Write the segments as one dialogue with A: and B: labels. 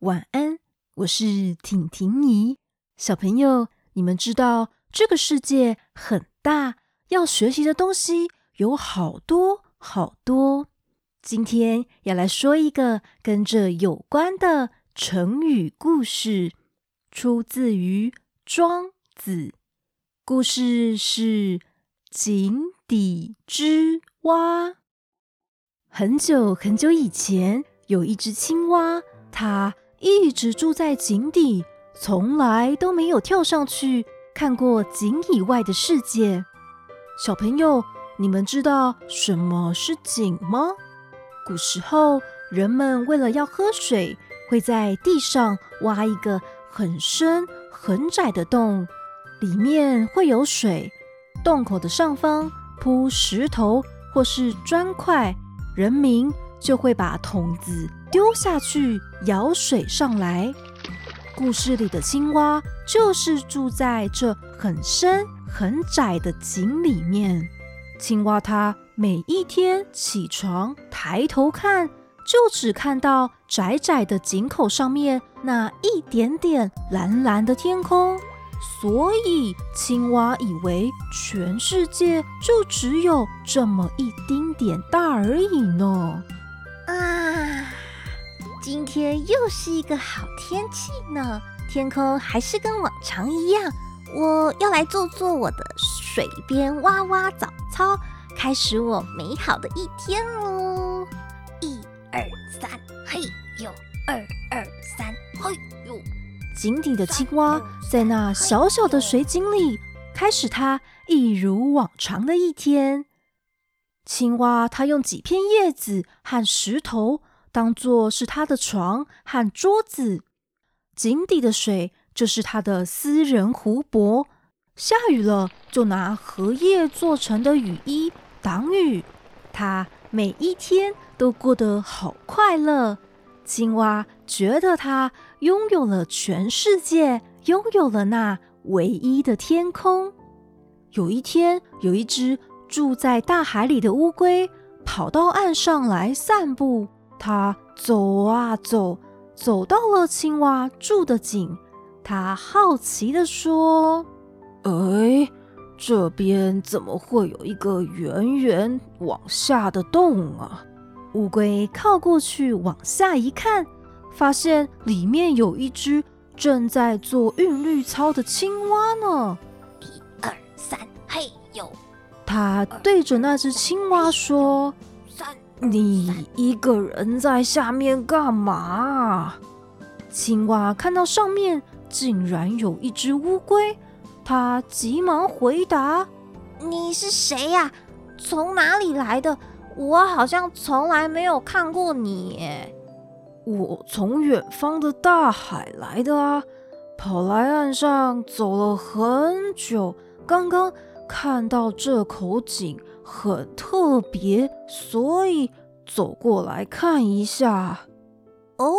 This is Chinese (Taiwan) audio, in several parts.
A: 晚安，我是婷婷姨。小朋友，你們知道這個世界很大，要學習的東西有好多好多。今天要來說一個跟這有關的成語故事，出自於《莊子》。故事是井底之蛙。很久很久以前，有一隻青蛙，它。一直住在井底，從來都沒有跳上去看過井以外的世界。小朋友，你們知道什麼是井嗎？古時候，人們為了要喝水，會在地上挖一個很深很窄的洞，裡面會有水。洞口的上方鋪石頭或是磚塊。人名。就會把桶子丟下去，舀水上來。故事裡的青蛙就是住在這很深很窄的井裡面。青蛙它每一天起床抬頭看，就只看到窄窄的井口上面那一點點藍藍的天空，所以青蛙以為全世界就只有這麼一丁點大而已呢。啊，今天又是一個好天氣呢，天空還是跟往常一樣，我要來做做我的水邊蛙蛙早操，開始我美好的一天嘍！一二三，嘿呦！二二三，嘿呦！井底的青蛙在那小小的水井裡，開始它一如往常的一天。青蛙，它用幾片葉子和石頭當做是它的床和桌子。井底的水，就是它的私人湖泊。下雨了，就拿荷葉做成的雨衣擋雨。它每一天都過得好快樂。青蛙覺得它擁有了全世界，擁有了那唯一的天空。有一天，有一隻，住在大海裡的烏龜跑到岸上來散步，它走啊走，走到了青蛙住的井。它好奇地說：“哎、欸，這邊怎麼會有一個圓圓往下的洞啊？”烏龜靠過去往下一看，發現裡面有一隻正在做韻律操的青蛙呢。一二三，嘿呦！他對着那隻青蛙說：“你一個人在下面幹嘛？”青蛙看到上面竟然有一隻烏龜，他急忙回答：“你是誰呀？從哪裡來的？我好像從來沒有看過你。”“我從遠方的大海來的啊，跑來岸上走了很久，剛剛。”看到這口井很特別，所以走過來看一下。哦，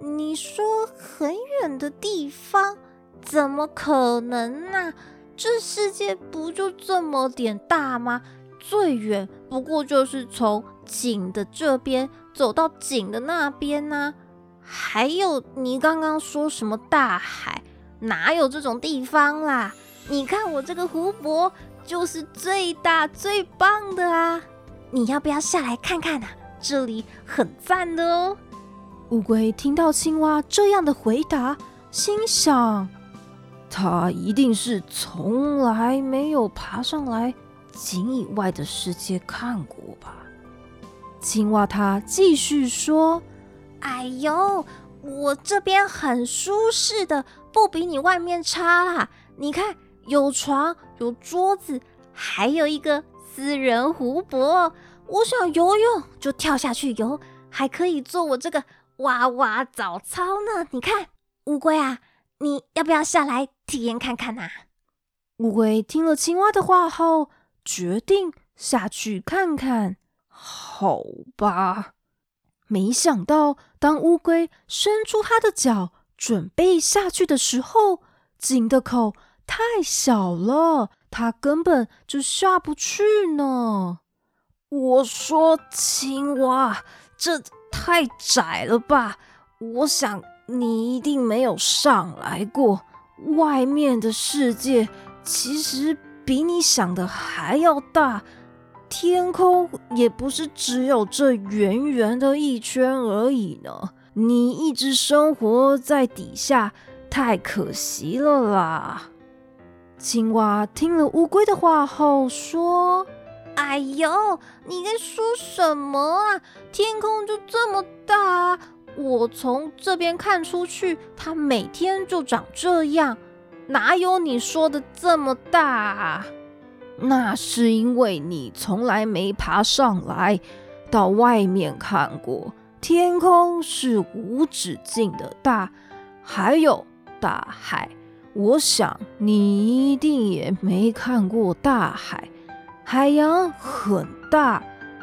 A: 你說很遠的地方，怎麼可能呢？這世界不就這麼點大嗎？最遠不過就是從井的這邊走到井的那邊呢。還有，你剛剛說什麼大海？哪有這種地方啦？你看我這個湖泊就是最大最棒的啊！你要不要下來看看吶，這裡很讚的哦。烏龜聽到青蛙這樣的回答，心想：它一定是從來沒有爬上來井以外的世界看過吧？青蛙它繼續說：“哎呦，我這邊很舒適的，不比你外面差啦！你看。”有床，有桌子，還有一個私人湖泊。我想游泳，就跳下去游，還可以做我這個蛙蛙早操呢。你看，烏龜啊，你要不要下來體驗看看吶、啊？烏龜聽了青蛙的話後，決定下去看看。好吧，沒想到，當烏龜伸出它的腳準備下去的時候，井的口。太小了，它根本就下不去呢。我說，青蛙，這太窄了吧？我想你一定沒有上來過，外面的世界其實比你想的還要大，天空也不是只有這圓圓的一圈而已呢。你一直生活在底下，太可惜了啦！青蛙聽了烏龜的話後說：“哎呦，你在說什麼啊？天空就這麼大，我從這邊看出去，它每天就長這樣，哪有你說的這麼大啊？那是因為你從來沒爬上來到外面看過，天空是無止境的大，還有大海。”我想你一定也沒看過大海，海洋很大，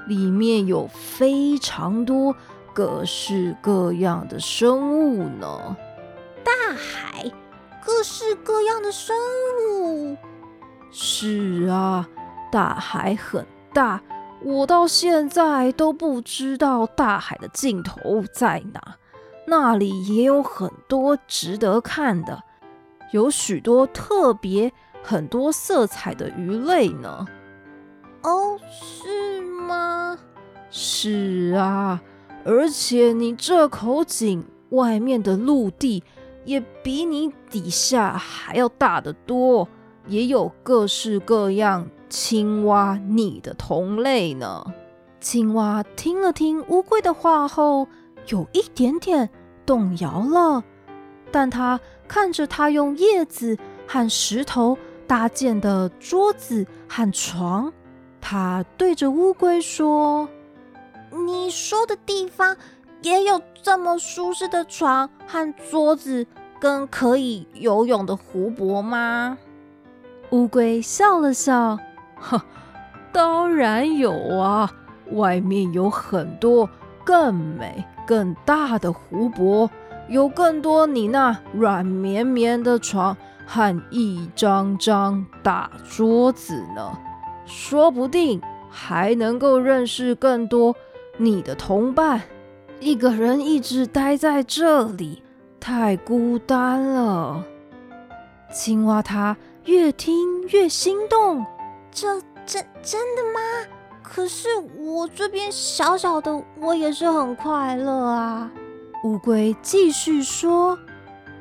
A: 裡面有非常多各式各樣的生物呢。大海，各式各樣的生物。是啊，大海很大，我到現在都不知道大海的盡頭在哪，那裡也有很多值得看的。有許多特別、很多色彩的魚類呢。哦，是嗎？是啊，而且你這口井外面的陸地也比你底下還要大得多，也有各式各樣青蛙你的同類呢。青蛙聽了聽烏龜的話後，有一點點動搖了，但它，看着他用葉子和石頭搭建的桌子和床，他對着烏龜說：“你說的地方也有這麼舒適的床和桌子，跟可以游泳的湖泊嗎？”烏龜笑了笑，呵：“當然有啊，外面有很多更美更大的湖泊。”有更多你那軟綿綿的床和一張張大桌子呢，說不定還能夠認識更多你的同伴。一個人一直待在這裡，太孤單了。青蛙它越聽越心動這、這真真的嗎？可是我這邊小小的，我也是很快樂啊。烏龜繼續說：“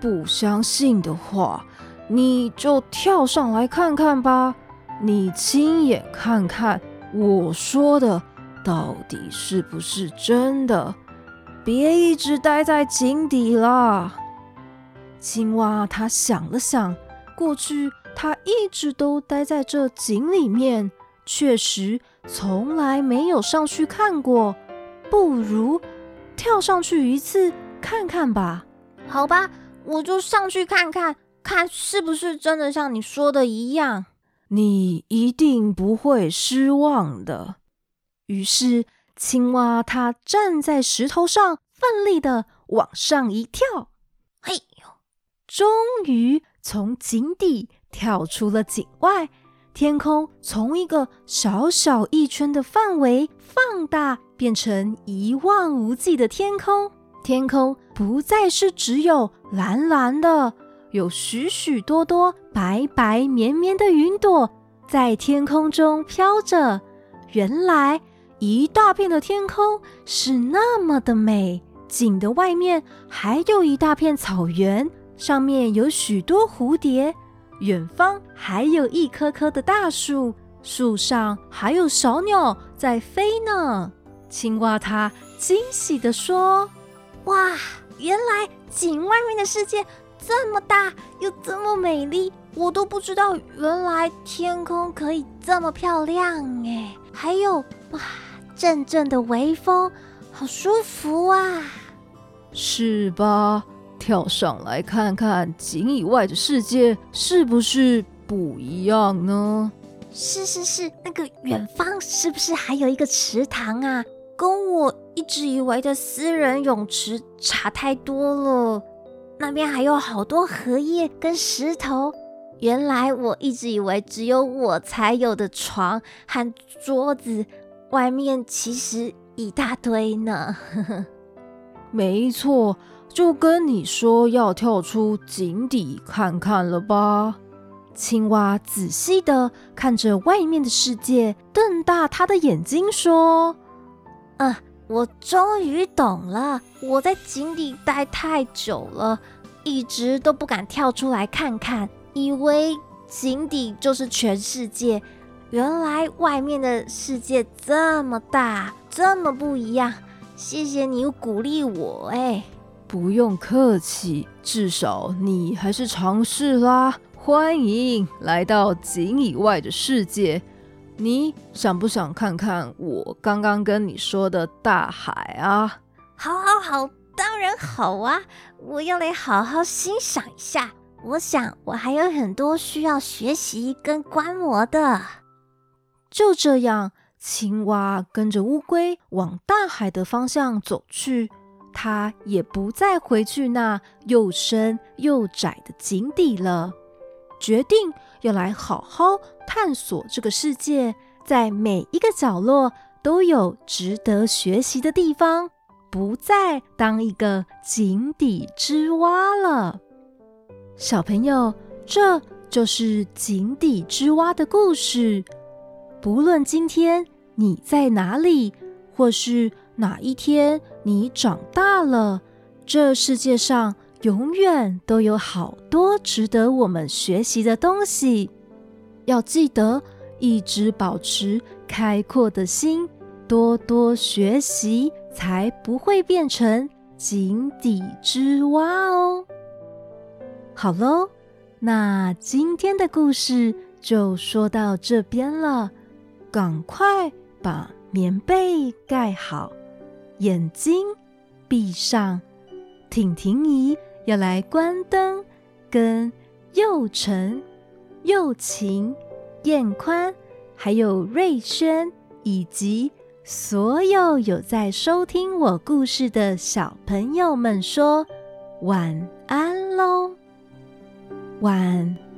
A: 不相信的話，你就跳上來看看吧，你親眼看看我說的到底是不是真的。別一直待在井底啦。”青蛙，它想了想，過去它一直都待在這井裡面，確實從來沒有上去看過。不如。跳上去一次看看吧。好吧，我就上去看看，看是不是真的像你說的一樣。你一定不會失望的。於是，青蛙它站在石頭上，奮力地往上一跳，嘿呦，終於從井底跳出了井外，天空從一個小小一圈的範圍放大，變成一望無際的天空。天空不再是只有藍藍的，有許許多多白白綿綿的雲朵在天空中飄着。原來一大片的天空是那麼的美。井的外面還有一大片草原，上面有許多蝴蝶。遠方還有一棵棵的大樹。樹上還有小鳥在飛呢。青蛙它驚喜地說：“哇，原來井外面的世界這麼大又這麼美麗，我都不知道原來天空可以這麼漂亮誒、欸，還有哇，陣陣的微風，好舒服啊！是吧？跳上來看看井以外的世界是不是不一樣呢？”是是是，那個遠方是不是還有一個池塘啊？跟我一直以為的私人泳池差太多了。那邊還有好多荷葉跟石頭。原來我一直以為只有我才有的床和桌子，外面其實一大堆呢。 沒錯，就跟你說要跳出井底看看了吧。青蛙仔細的看着外面的世界，瞪大他的眼睛說：“啊、嗯，我終於懂了！我在井底待太久了，一直都不敢跳出來看看，以為井底就是全世界。原來外面的世界這麼大，這麼不一樣！謝謝你又鼓勵我、欸，哎，不用客氣，至少你還是嘗試啦。”歡迎來到井以外的世界。你想不想看看我剛剛跟你說的大海啊？好，好，好，當然好啊！我要來好好欣賞一下。我想我還有很多需要學習跟觀摩的。就這樣，青蛙跟着烏龜往大海的方向走去，它也不再回去那又深又窄的井底了。決定要來好好探索這個世界，在每一個角落都有值得學習的地方，不再當一個井底之蛙了。小朋友，這就是井底之蛙的故事。不論今天你在哪裡，或是哪一天你長大了，這世界上，永遠都有好多值得我們學習的東西，要記得一直保持開闊的心，多多學習，才不會變成井底之蛙哦。好嘍，那今天的故事就說到這邊了，趕快把棉被蓋好，眼睛閉上，婷婷姨要來關燈，跟佑澄、宥晴、彥寬，還有睿軒，以及所有有在收聽我故事的小朋友們說晚安嘍，晚。